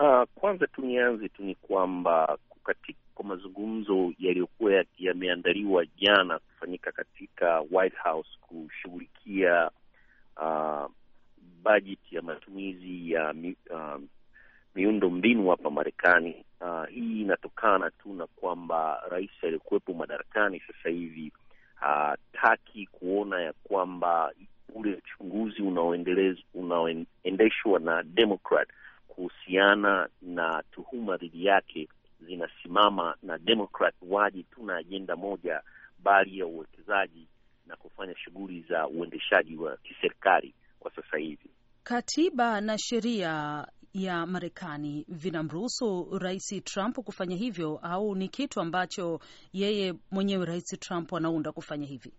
Uh, kwanza tu nianze tu ni kwamba kwa mazungumzo yaliyokuwa yameandaliwa jana kufanyika katika White House kushughulikia uh, ah, bajeti ya matumizi ya mi, uh, miundo mbinu hapa Marekani. Uh, hii inatokana tu na kwamba rais aliyekuwepo madarakani sasa hivi hataki uh, kuona ya kwamba ule uchunguzi unaoendeshwa na Democrat kuhusiana na tuhuma dhidi yake zinasimama na Democrat waje tu na ajenda moja, bali ya uwekezaji na kufanya shughuli za uendeshaji wa kiserikali kwa sasa hivi. Katiba na sheria ya Marekani vinamruhusu Rais Trump kufanya hivyo, au ni kitu ambacho yeye mwenyewe Rais Trump anaunda kufanya hivi?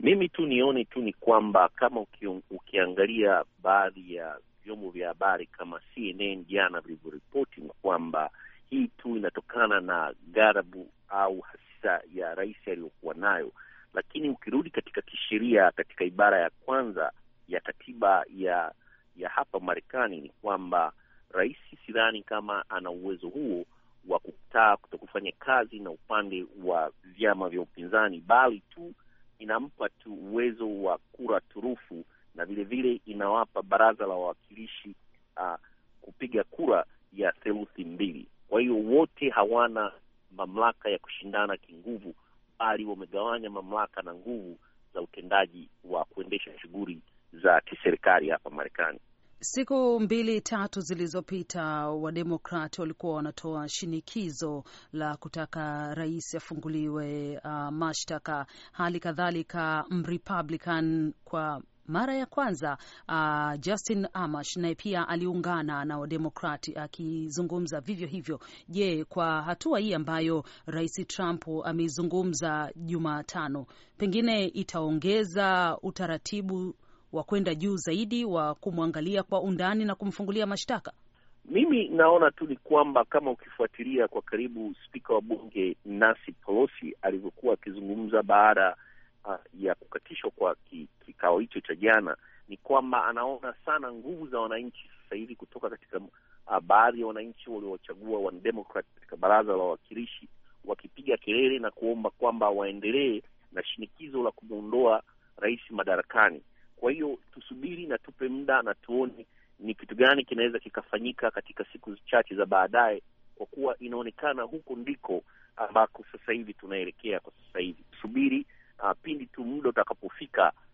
Mimi tu nione tu ni kwamba kama ukiangalia baadhi ya vyombo vya habari kama CNN jana vilivyoripoti kwamba hii tu inatokana na gharabu au hasira ya rais aliyokuwa nayo, lakini ukirudi katika kisheria, katika ibara ya kwanza ya katiba ya ya hapa Marekani ni kwamba rais, sidhani kama ana uwezo huo wa kukataa kutokufanya kazi na upande wa vyama vya upinzani, bali tu inampa tu uwezo wa kura turufu na vilevile inawapa baraza la wawakilishi uh, kupiga kura ya theluthi mbili. Kwa hiyo wote hawana mamlaka ya kushindana kinguvu, bali wamegawanya mamlaka na nguvu za utendaji wa kuendesha shughuli za kiserikali hapa Marekani. Siku mbili tatu zilizopita Wademokrati walikuwa wanatoa shinikizo la kutaka rais afunguliwe uh, mashtaka. Hali kadhalika Mrepublican kwa mara ya kwanza uh, Justin Amash naye pia aliungana na Wademokrati akizungumza vivyo hivyo. Je, kwa hatua hii ambayo Rais Trump ameizungumza Jumatano, pengine itaongeza utaratibu wa kwenda juu zaidi wa kumwangalia kwa undani na kumfungulia mashtaka? Mimi naona tu ni kwamba kama ukifuatilia kwa karibu spika wa bunge Nancy Pelosi alivyokuwa akizungumza baada ya kukatishwa kwa kikao hicho cha jana ni kwamba anaona sana nguvu za wananchi sasa hivi kutoka katika uh, baadhi ya wananchi waliowachagua wanademokrat katika baraza la wawakilishi wakipiga kelele na kuomba kwamba waendelee na shinikizo la kumwondoa rais madarakani. Kwa hiyo tusubiri na tupe muda na tuone ni kitu gani kinaweza kikafanyika katika siku chache za baadaye, kwa kuwa inaonekana huko ndiko ambako sasa hivi tunaelekea kwa sasa hivi uh, pindi tu muda utakapofika